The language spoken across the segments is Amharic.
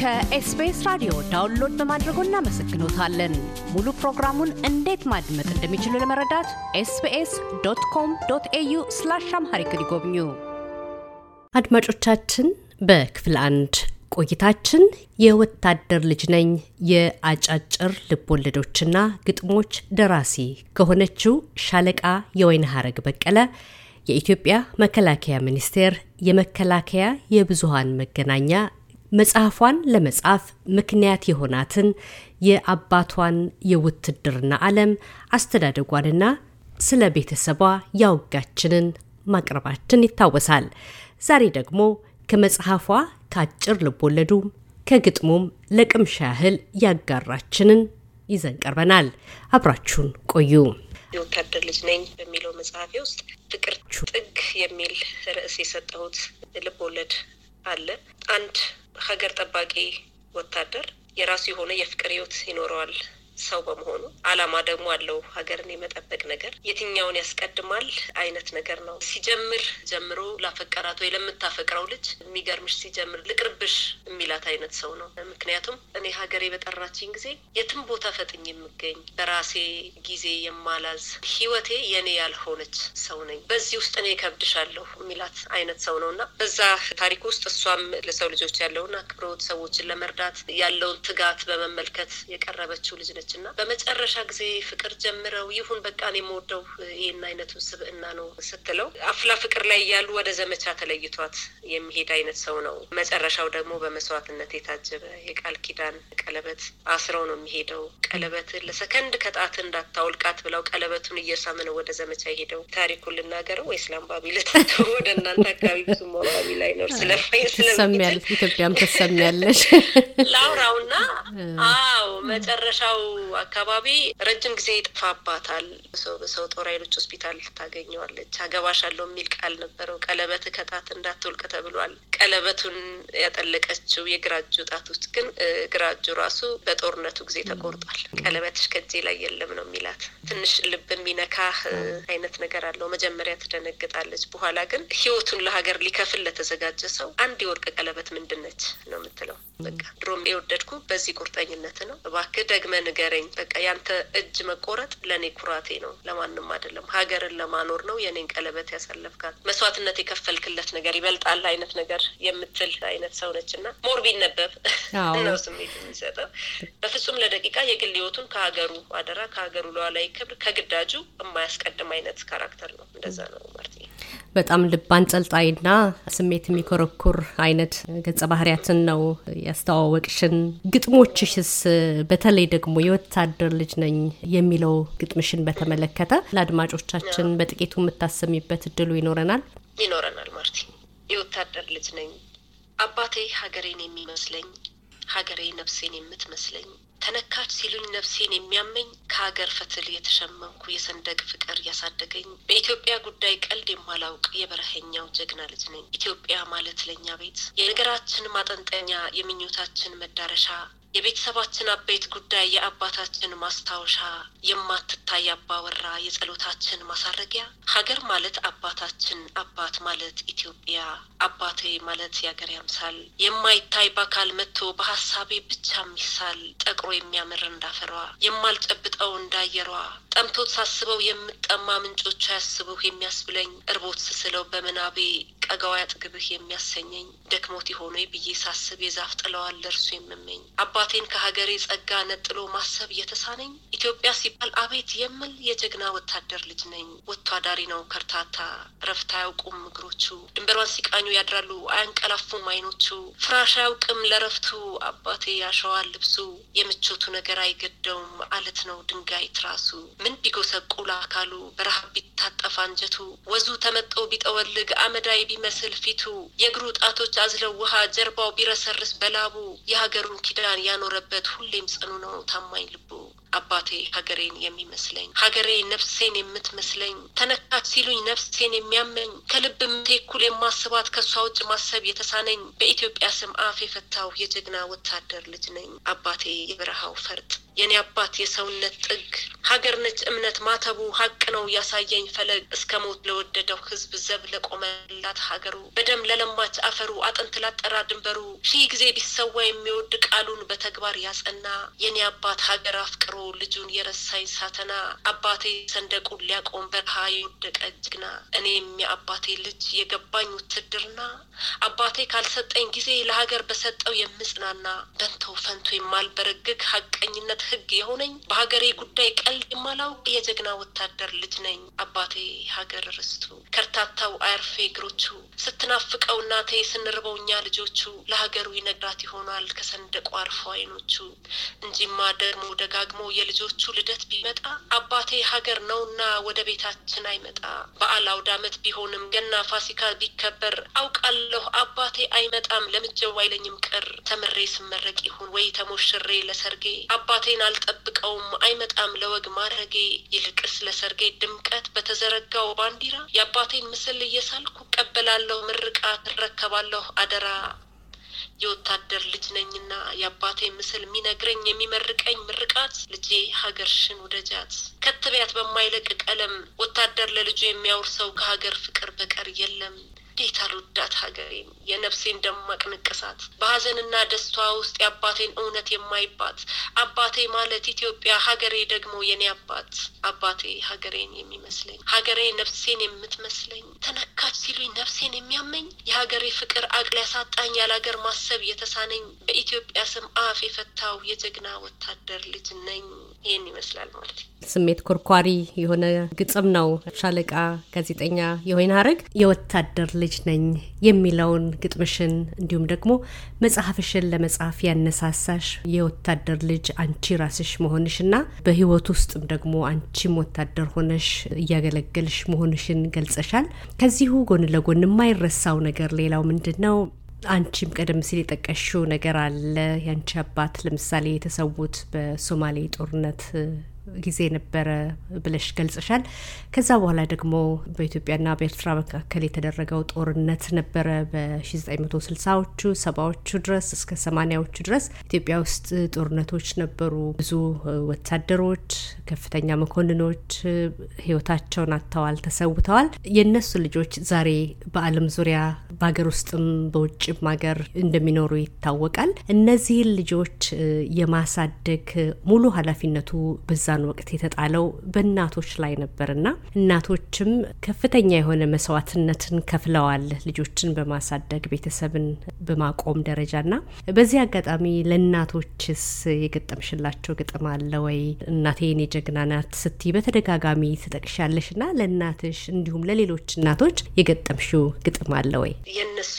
ከኤስቢኤስ ራዲዮ ዳውንሎድ በማድረጎ እናመሰግኖታለን። ሙሉ ፕሮግራሙን እንዴት ማድመጥ እንደሚችሉ ለመረዳት ኤስቢኤስ ዶት ኮም ዶት ኤዩ ስላሽ አምሃሪክ ይጎብኙ። አድማጮቻችን፣ በክፍል አንድ ቆይታችን የወታደር ልጅ ነኝ የአጫጭር ልቦለዶችና ግጥሞች ደራሲ ከሆነችው ሻለቃ የወይን ሀረግ በቀለ የኢትዮጵያ መከላከያ ሚኒስቴር የመከላከያ የብዙሃን መገናኛ መጽሐፏን ለመጻፍ ምክንያት የሆናትን የአባቷን የውትድርና ዓለም አስተዳደጓንና ስለ ቤተሰቧ ያወጋችንን ማቅረባችን ይታወሳል። ዛሬ ደግሞ ከመጽሐፏ ከአጭር ልቦለዱ ከግጥሙም ለቅምሻ ያህል ያጋራችንን ይዘን ቀርበናል። አብራችሁን ቆዩ። የወታደር ልጅ ነኝ በሚለው መጽሐፌ ውስጥ ፍቅር ጥግ የሚል ርዕስ የሰጠሁት ልቦለድ አለ። አንድ ሀገር ጠባቂ ወታደር የራሱ የሆነ የፍቅር ህይወት ይኖረዋል። ሰው በመሆኑ አላማ ደግሞ አለው ሀገርን የመጠበቅ ነገር የትኛውን ያስቀድማል አይነት ነገር ነው። ሲጀምር ጀምሮ ላፈቀራት ወይ ለምታፈቅረው ልጅ የሚገርምሽ ሲጀምር ልቅርብሽ የሚላት አይነት ሰው ነው። ምክንያቱም እኔ ሀገሬ በጠራችኝ ጊዜ የትም ቦታ ፈጥኝ የምገኝ በራሴ ጊዜ የማላዝ ህይወቴ የኔ ያልሆነች ሰው ነኝ። በዚህ ውስጥ እኔ ከብድሻለሁ የሚላት አይነት ሰው ነው እና በዛ ታሪክ ውስጥ እሷም ለሰው ልጆች ያለውን አክብሮት ሰዎችን ለመርዳት ያለውን ትጋት በመመልከት የቀረበችው ልጅ ነች እና በመጨረሻ ጊዜ ፍቅር ጀምረው ይሁን በቃ እኔ የምወደው ይህን አይነቱ ስብዕና ነው ስትለው አፍላ ፍቅር ላይ እያሉ ወደ ዘመቻ ተለይቷት የሚሄድ አይነት ሰው ነው። መጨረሻው ደግሞ በመስዋዕትነት የታጀበ የቃል ኪዳን ቀለበት አስረው ነው የሚሄደው። ቀለበትን ለሰከንድ ከጣት እንዳታውልቃት ብለው ቀለበቱን እየሳመ ነው ወደ ዘመቻ የሄደው። ታሪኩን ልናገረው ወይስ ላንባቢ ልተቶ ወደ እናንተ አካባቢ ብዙ ማንባቢ ላይኖር ስለማይስለሚያለ ኢትዮጵያም ትሰሚያለሽ ላውራውና አዎ መጨረሻው አካባቢ ረጅም ጊዜ ይጠፋባታል። ሰው በሰው ጦር ኃይሎች ሆስፒታል ታገኘዋለች። አገባሻለሁ የሚል ቃል ነበረው። ቀለበት ከጣት እንዳትወልቅ ተብሏል። ቀለበቱን ያጠለቀችው የግራ እጁ ጣት ውስጥ ግን ግራ እጁ ራሱ በጦርነቱ ጊዜ ተቆርጧል። ቀለበትሽ ከእጄ ላይ የለም ነው የሚላት። ትንሽ ልብ የሚነካ አይነት ነገር አለው። መጀመሪያ ትደነግጣለች። በኋላ ግን ህይወቱን ለሀገር ሊከፍል ለተዘጋጀ ሰው አንድ የወርቅ ቀለበት ምንድን ነች ነው የምትለው። በቃ ድሮም የወደድኩ በዚህ ቁርጠኝነት ነው። እባክህ ደግመህ ንገረኝ። በቃ ያንተ እጅ መቆረጥ ለእኔ ኩራቴ ነው፣ ለማንም አይደለም። ሀገርን ለማኖር ነው የኔን ቀለበት ያሳለፍካት፣ መስዋዕትነት የከፈልክለት ነገር ይበልጣል አይነት ነገር የምትል አይነት ሰው ነች እና ሞር ቢነበብ ነው ስሜት የሚሰጠው። በፍጹም ለደቂቃ የግል ህይወቱን ከሀገሩ አደራ ከሀገሩ ለዋላይ ክብር ከግዳጁ የማያስቀድም አይነት ካራክተር ነው። እንደዛ ነው በጣም ልብ አንጠልጣይና ስሜት የሚኮረኩር አይነት ገጸ ባህሪያትን ነው ያስተዋወቅሽን። ግጥሞችሽስ በተለይ ደግሞ የወታደር ልጅ ነኝ የሚለው ግጥምሽን በተመለከተ ለአድማጮቻችን በጥቂቱ የምታሰሚበት እድሉ ይኖረናል ይኖረናል። ማርቲ የወታደር ልጅ ነኝ አባቴ ሀገሬን የሚመስለኝ ሀገሬ ነፍሴን የምትመስለኝ ተነካች ሲሉኝ ነፍሴን የሚያመኝ ከሀገር ፈትል የተሸመንኩ የሰንደቅ ፍቅር ያሳደገኝ በኢትዮጵያ ጉዳይ ቀልድ የማላውቅ የበረሀኛው ጀግና ልጅ ነኝ። ኢትዮጵያ ማለት ለእኛ ቤት የነገራችን ማጠንጠኛ፣ የምኞታችን መዳረሻ የቤተሰባችን አበይት ጉዳይ፣ የአባታችን ማስታወሻ፣ የማትታይ አባወራ፣ የጸሎታችን ማሳረጊያ። ሀገር ማለት አባታችን፣ አባት ማለት ኢትዮጵያ፣ አባቴ ማለት የሀገር ያምሳል። የማይታይ በአካል መጥቶ በሀሳቤ ብቻ ሚሳል ጠቅሮ የሚያምር እንዳፈሯ የማልጨብጠው እንዳየሯ ጠምቶት ሳስበው የምጠማ ምንጮቹ ያስቡህ የሚያስብለኝ እርቦት ስስለው በምናቤ ቀጋዋ ያጥግብህ የሚያሰኘኝ ደክሞት የሆነ ብዬ ሳስብ የዛፍ ጥለዋል ለእርሱ የምመኝ አባ አባቴን ከሀገሬ ጸጋ ነጥሎ ማሰብ የተሳነኝ ኢትዮጵያ ሲባል አቤት የምል የጀግና ወታደር ልጅ ነኝ። ወጥቶ አዳሪ ነው ከርታታ፣ እረፍት አያውቁም እግሮቹ። ድንበሯን ሲቃኙ ያድራሉ አያንቀላፉም አይኖቹ። ፍራሽ አያውቅም ለረፍቱ አባቴ ያሸዋል ልብሱ። የምቾቱ ነገር አይገደውም አለት ነው ድንጋይ ትራሱ። ምን ቢጎሰቁል አካሉ በረሃብ ቢታጠፍ አንጀቱ። ወዙ ተመጦ ቢጠወልግ አመዳይ ቢመስል ፊቱ። የእግሩ ጣቶች አዝለው ውሃ ጀርባው ቢረሰርስ በላቡ የሀገሩን ኪዳን ያኖረበት ሁሌም ጽኑ ነው ታማኝ ልቡ አባቴ ሀገሬን የሚመስለኝ ሀገሬ ነፍሴን የምትመስለኝ ተነካች ሲሉኝ ነፍሴን የሚያመኝ ከልብ ምቴ እኩል የማስባት ከእሷ ውጭ ማሰብ የተሳነኝ በኢትዮጵያ ስም አፍ የፈታው የጀግና ወታደር ልጅ ነኝ አባቴ የበረሃው ፈርጥ የኔ አባት የሰውነት ጥግ ሀገር ነች እምነት ማተቡ ሀቅ ነው ያሳየኝ ፈለግ እስከ ሞት ለወደደው ህዝብ ዘብ ለቆመላት ሀገሩ በደም ለለማች አፈሩ አጥንት ላጠራ ድንበሩ ሺህ ጊዜ ቢሰዋ የሚወድ ቃሉን በተግባር ያጸና የኔ አባት ሀገር አፍቅሮ ልጁን የረሳኝ ሳተና አባቴ ሰንደቁን ሊያቆም በረሃ የወደቀ ጀግና እኔም የአባቴ ልጅ የገባኝ ውትድርና አባቴ ካልሰጠኝ ጊዜ ለሀገር በሰጠው የምጽናና በንተው ፈንቶ የማልበረግግ ሀቀኝነት ህግ የሆነኝ በሀገሬ ጉዳይ ቀልድ የማላውቅ የጀግና ወታደር ልጅ ነኝ። አባቴ ሀገር ርስቱ፣ ከርታታው አያርፌ እግሮቹ፣ ስትናፍቀው እናቴ ስንርበው እኛ ልጆቹ፣ ለሀገሩ ይነግራት ይሆናል ከሰንደቁ አርፎ አይኖቹ። እንጂማ ደግሞ ደጋግሞ የልጆቹ ልደት ቢመጣ አባቴ ሀገር ነውና ወደ ቤታችን አይመጣ። በዓል አውደ ዓመት ቢሆንም ገና ፋሲካ ቢከበር አውቃለሁ አባቴ አይመጣም። ለምጀው አይለኝም ቅር ተምሬ ስመረቅ ይሁን ወይ ተሞሽሬ ለሰርጌ አባቴ ቃሌን አልጠብቀውም አይመጣም ለወግ ማድረጌ። ይልቅስ ለሰርጌ ድምቀት በተዘረጋው ባንዲራ የአባቴን ምስል እየሳልኩ ቀበላለሁ ምርቃት እረከባለሁ አደራ። የወታደር ልጅ ነኝና የአባቴ ምስል የሚነግረኝ የሚመርቀኝ ምርቃት ልጄ ሀገርሽን ውደጃት ከትቢያት በማይለቅ ቀለም ወታደር ለልጁ የሚያወርሰው ከሀገር ፍቅር በቀር የለም። እንዴት አልወዳት ሀገሬን የነፍሴን ደማቅ ንቅሳት በሀዘንና ደስቷ ውስጥ የአባቴን እውነት የማይባት አባቴ ማለት ኢትዮጵያ ሀገሬ ደግሞ የኔ አባት አባቴ ሀገሬን የሚመስለኝ ሀገሬ ነፍሴን የምትመስለኝ ተነካች ሲሉኝ ነፍሴን የሚያመኝ የሀገሬ ፍቅር አቅል ያሳጣኝ ያላገር ማሰብ የተሳነኝ በኢትዮጵያ ስም አፍ የፈታው የጀግና ወታደር ልጅ ነኝ። ይህን ይመስላል ማለት ነው። ስሜት ኮርኳሪ የሆነ ግጥም ነው። ሻለቃ ጋዜጠኛ የሆይን ሀረግ የወታደር ልጅ ነኝ የሚለውን ግጥምሽን እንዲሁም ደግሞ መጽሐፍሽን ለመጻፍ ያነሳሳሽ የወታደር ልጅ አንቺ ራስሽ መሆንሽ እና በህይወት ውስጥም ደግሞ አንቺም ወታደር ሆነሽ እያገለገልሽ መሆንሽን ገልጸሻል። ከዚሁ ጎን ለጎን የማይረሳው ነገር ሌላው ምንድን ነው? አንቺም ቀደም ሲል የጠቀሽው ነገር አለ። ያንቺ አባት ለምሳሌ የተሰዉት በሶማሌ ጦርነት ጊዜ ነበረ ብለሽ ገልጽሻል። ከዛ በኋላ ደግሞ በኢትዮጵያና በኤርትራ መካከል የተደረገው ጦርነት ነበረ በ1960ዎቹ፣ ሰባዎቹ ድረስ እስከ ሰማኒያዎቹ ድረስ ኢትዮጵያ ውስጥ ጦርነቶች ነበሩ። ብዙ ወታደሮች፣ ከፍተኛ መኮንኖች ህይወታቸውን አጥተዋል፣ ተሰውተዋል። የእነሱ ልጆች ዛሬ በዓለም ዙሪያ በሀገር ውስጥም በውጭም ሀገር እንደሚኖሩ ይታወቃል። እነዚህን ልጆች የማሳደግ ሙሉ ኃላፊነቱ በዛ በዛን ወቅት የተጣለው በእናቶች ላይ ነበርና እናቶችም ከፍተኛ የሆነ መስዋዕትነትን ከፍለዋል ልጆችን በማሳደግ ቤተሰብን በማቆም ደረጃና በዚህ አጋጣሚ ለእናቶችስ የገጠምሽላቸው ግጥም አለ ወይ? እናቴ የኔ ጀግና ናት ስትይ በተደጋጋሚ ትጠቅሻለሽና ለእናትሽ እንዲሁም ለሌሎች እናቶች የገጠምሽው ግጥም አለ ወይ? የእነሱ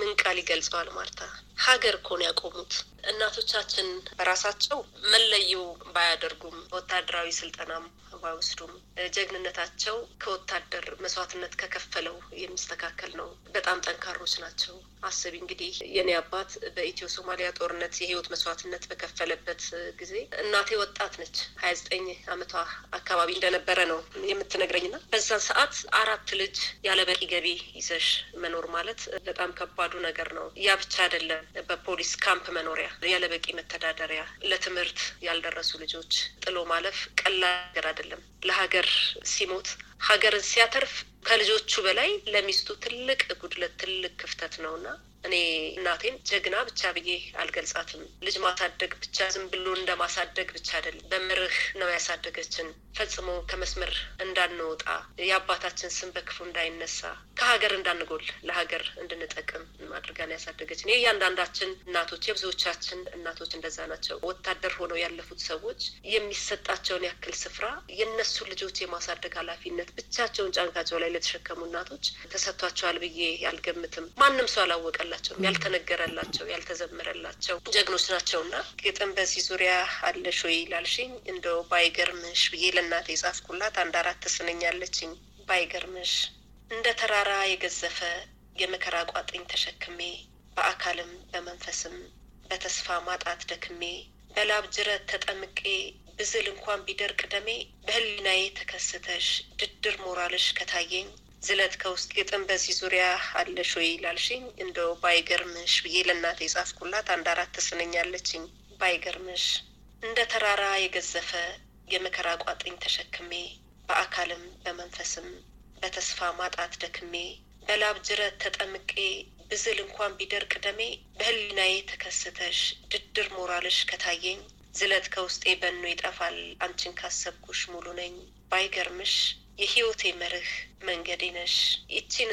ምን ቃል ይገልጸዋል ማርታ? ሀገር እኮ ነው ያቆሙት። እናቶቻችን በራሳቸው መለዩ ባያደርጉም ወታደራዊ ስልጠናም ባይወስዱም ጀግንነታቸው ከወታደር መስዋዕትነት ከከፈለው የሚስተካከል ነው። በጣም ጠንካሮች ናቸው። አስቢ እንግዲህ የኔ አባት በኢትዮ ሶማሊያ ጦርነት የህይወት መስዋዕትነት በከፈለበት ጊዜ እናቴ ወጣት ነች፣ ሀያ ዘጠኝ አመቷ አካባቢ እንደነበረ ነው የምትነግረኝና በዛ ሰዓት አራት ልጅ ያለ በቂ ገቢ ይዘሽ መኖር ማለት በጣም ከባዱ ነገር ነው። ያ ብቻ አይደለም በፖሊስ ካምፕ መኖሪያ የለበቂ መተዳደሪያ ለትምህርት ያልደረሱ ልጆች ጥሎ ማለፍ ቀላል ነገር አይደለም። ለሀገር ሲሞት ሀገርን ሲያተርፍ ከልጆቹ በላይ ለሚስቱ ትልቅ ጉድለት፣ ትልቅ ክፍተት ነውና እኔ እናቴን ጀግና ብቻ ብዬ አልገልጻትም። ልጅ ማሳደግ ብቻ ዝም ብሎ እንደ ማሳደግ ብቻ አይደለም። በመርህ ነው ያሳደገችን። ፈጽሞ ከመስመር እንዳንወጣ፣ የአባታችን ስም በክፉ እንዳይነሳ፣ ከሀገር እንዳንጎል፣ ለሀገር እንድንጠቅም አድርጋን ያሳደገችን። ይህ እያንዳንዳችን እናቶች፣ የብዙዎቻችን እናቶች እንደዛ ናቸው። ወታደር ሆነው ያለፉት ሰዎች የሚሰጣቸውን ያክል ስፍራ የነሱ ልጆች የማሳደግ ኃላፊነት ብቻቸውን ጫንቃቸው ላይ ለተሸከሙ እናቶች ተሰጥቷቸዋል ብዬ አልገምትም። ማንም ሰው አላወቀል የላቸውም፣ ያልተነገረላቸው ያልተዘመረላቸው ጀግኖች ናቸው እና ግጥም በዚህ ዙሪያ አለሽ ወይ ላልሽኝ እንደው ባይገርምሽ ብዬ ለእናቴ የጻፍኩላት አንድ አራት ትስነኛለችኝ። ባይገርምሽ እንደ ተራራ የገዘፈ የመከራ ቋጥኝ ተሸክሜ በአካልም በመንፈስም በተስፋ ማጣት ደክሜ በላብ ጅረት ተጠምቄ ብዝል እንኳን ቢደርቅ ደሜ በህሊናዬ ተከስተሽ ድድር ሞራልሽ ከታየኝ ዝለት ከውስጥ ግጥም በዚህ ዙሪያ አለሽ ወይ ይላልሽኝ፣ እንደው ባይገርምሽ ብዬ ለእናቴ የጻፍኩላት አንድ አራት ትስነኛለችኝ። ባይገርምሽ እንደ ተራራ የገዘፈ የመከራ ቋጥኝ ተሸክሜ በአካልም በመንፈስም በተስፋ ማጣት ደክሜ በላብ ጅረት ተጠምቄ ብዝል እንኳን ቢደርቅ ደሜ በህሊናዬ ተከስተሽ ድድር ሞራልሽ ከታየኝ ዝለት ከውስጤ በኖ ይጠፋል አንቺን ካሰብኩሽ ሙሉ ነኝ ባይገርምሽ የህይወቴ መርህ መንገዴ ነሽ። ይቺን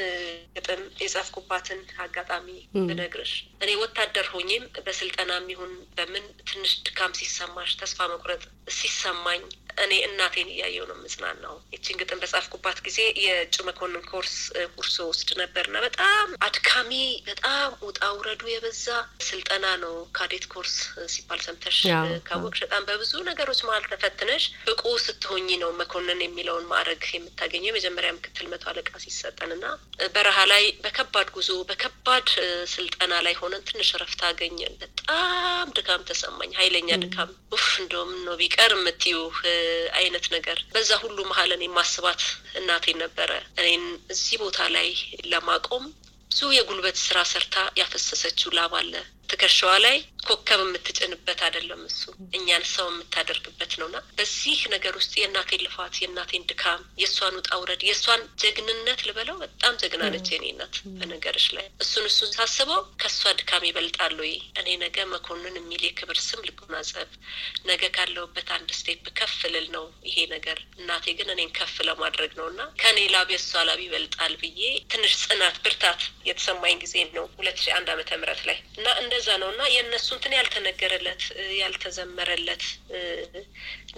ግጥም የጻፍኩባትን አጋጣሚ ብነግርሽ እኔ ወታደር ሆኜም በስልጠና የሚሆን በምን ትንሽ ድካም ሲሰማሽ፣ ተስፋ መቁረጥ ሲሰማኝ እኔ እናቴን እያየው ነው የምጽናናው። ይቺን ግጥም በጻፍኩባት ጊዜ የእጩ መኮንን ኮርስ ኩርሶ ውስድ ነበርና በጣም አድካሚ፣ በጣም ውጣ ውረዱ የበዛ ስልጠና ነው። ካዴት ኮርስ ሲባል ሰምተሽ ካወቅሽ በጣም በብዙ ነገሮች መሀል ተፈትነሽ ብቁ ስትሆኝ ነው መኮንን የሚለውን ማዕረግ የምታገኘው የመጀመሪያ ምክትል መቶ አለቃ ሲሰጠን እና በረሃ ላይ በከባድ ጉዞ በከባድ ስልጠና ላይ ሆነን ትንሽ እረፍት አገኘን። በጣም ድካም ተሰማኝ፣ ኃይለኛ ድካም። ኡፍ እንደውም ነው ቢቀር የምትዩ አይነት ነገር። በዛ ሁሉ መሀል እኔ ማስባት እናቴ ነበረ እኔን እዚህ ቦታ ላይ ለማቆም ብዙ የጉልበት ስራ ሰርታ ያፈሰሰችው ላብ አለ ትከሻዋ ላይ ኮከብ የምትጭንበት አይደለም። እሱ እኛን ሰው የምታደርግበት ነውና በዚህ ነገር ውስጥ የእናቴን ልፋት፣ የእናቴን ድካም፣ የእሷን ውጣ ውረድ፣ የእሷን ጀግንነት ልበለው በጣም ጀግና ነች የኔ እናት ላይ እሱን እሱን ሳስበው ከእሷ ድካም ይበልጣሉ እኔ ነገ መኮንን የሚል የክብር ስም ልጎናጸፍ ነገ ካለውበት አንድ ስቴፕ ከፍ ልል ነው ይሄ ነገር እናቴ ግን እኔን ከፍ ለማድረግ ነው እና ከእኔ ላብ የእሷ ላብ ይበልጣል ብዬ ትንሽ ጽናት፣ ብርታት የተሰማኝ ጊዜ ነው ሁለት ሺህ አንድ ዓመተ ምህረት ላይ እና እንደ እንደዛ ነው እና የእነሱ እንትን ያልተነገረለት ያልተዘመረለት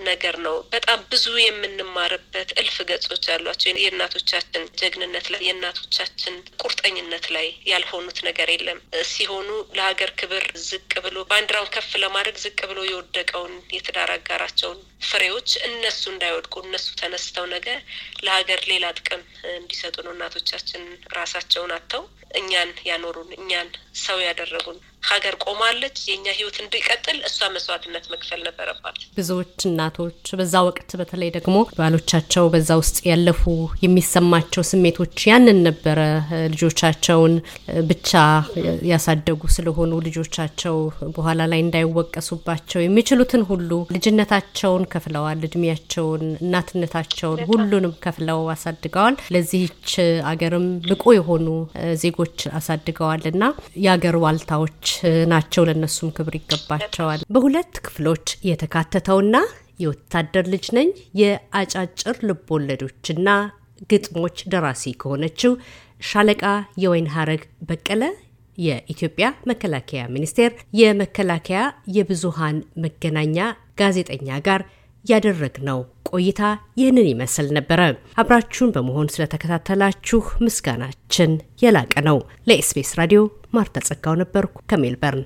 ነገር ነው። በጣም ብዙ የምንማርበት እልፍ ገጾች ያሏቸው የእናቶቻችን ጀግንነት ላይ የእናቶቻችን ቁርጠኝነት ላይ ያልሆኑት ነገር የለም ሲሆኑ ለሀገር ክብር ዝቅ ብሎ ባንዲራውን ከፍ ለማድረግ ዝቅ ብሎ የወደቀውን የትዳር አጋራቸውን ፍሬዎች እነሱ እንዳይወድቁ እነሱ ተነስተው ነገ ለሀገር ሌላ ጥቅም እንዲሰጡ ነው እናቶቻችን ራሳቸውን አጥተው እኛን ያኖሩን እኛን ሰው ያደረጉን ሀገር ቆማለች። የእኛ ህይወት እንዲቀጥል እሷ መስዋዕትነት መክፈል ነበረባት። ብዙዎች እናቶች በዛ ወቅት በተለይ ደግሞ ባሎቻቸው በዛ ውስጥ ያለፉ የሚሰማቸው ስሜቶች ያንን ነበረ። ልጆቻቸውን ብቻ ያሳደጉ ስለሆኑ ልጆቻቸው በኋላ ላይ እንዳይወቀሱባቸው የሚችሉትን ሁሉ ልጅነታቸውን ከፍለዋል፣ እድሜያቸውን፣ እናትነታቸውን ሁሉንም ከፍለው አሳድገዋል። ለዚህች አገርም ብቁ የሆኑ ዜጎች አሳድገዋል እና የአገር ዋልታዎች ናቸው። ለነሱም ክብር ይገባቸዋል። በሁለት ክፍሎች የተካተተውና የወታደር ልጅ ነኝ የአጫጭር ልቦወለዶችና ግጥሞች ደራሲ ከሆነችው ሻለቃ የወይን ሀረግ በቀለ የኢትዮጵያ መከላከያ ሚኒስቴር የመከላከያ የብዙሃን መገናኛ ጋዜጠኛ ጋር ያደረግነው ቆይታ ይህንን ይመስል ነበረ። አብራችሁን በመሆን ስለተከታተላችሁ ምስጋናችን የላቀ ነው። ለኤስቢኤስ ራዲዮ ማርታ ጸጋው ነበርኩ ከሜልበርን።